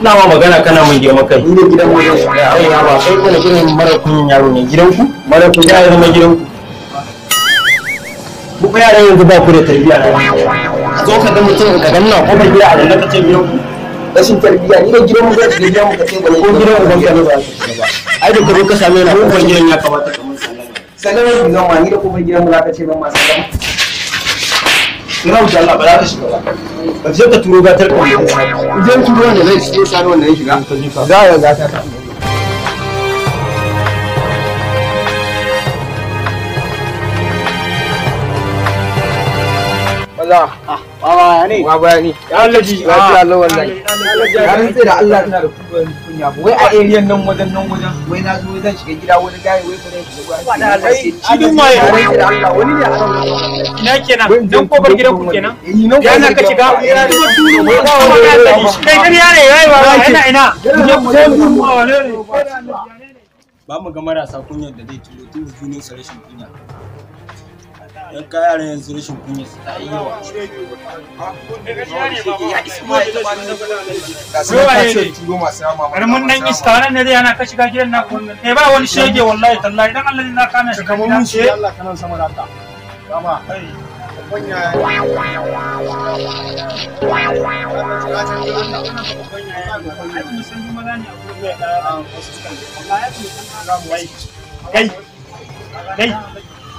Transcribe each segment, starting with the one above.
ina ma magana kana mun je maka ni da gidan mu ne ai ya ba sai kana gidan mara kun yaro ne gidan ku mara kun yaro ne gidan ku ku ba yaran yanzu ba ku da tarbiyya da a zo ka ga mutum ka ganna ko ba gida a da ka ce biyo rashin tarbiyya ni da gidan mu zai gidan mu ka ce ko gidan mu ban kana ba ai da ka ka same na ko gidan ya kamata ka mun sallama sallama ni zan ma ni da ku ban gidan mu za ka ce ban ma sallama Ina wuce Allah ba za ka shiga ba. ba. je ka turo gatar ka. Idan turo ne zai shi ya sani wannan ya shiga. Za ya gata ta. banza ah, baba ne baba ne ya alaji lafiya Allah wallahi ya rantsa da Allah ina da kunya wai a area nan wajen nan wajen wai na zo zan shiga gida wani gaye wai bare shi da wani shi din waye Allah wani ne Allah ina kenan dan kofar gidan ku kenan eh, ya na ka shiga ya duba duru wai ba wani shi kai kan yare yayi baba ina ina je ku je ku ba mu ga marasa kunyar da zai tulo tun junin rashin kunya don ka yaran yanzu rashin kunya su ta yi karamin dan iska ne yana ka shiga gidan na kunna eh ba wani shege wallahi tallahi dan Allah na kana shi kamar mun Allah kana sama da ka kama Kai, kai,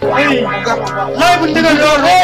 Ei, lá, lá, lá, lá,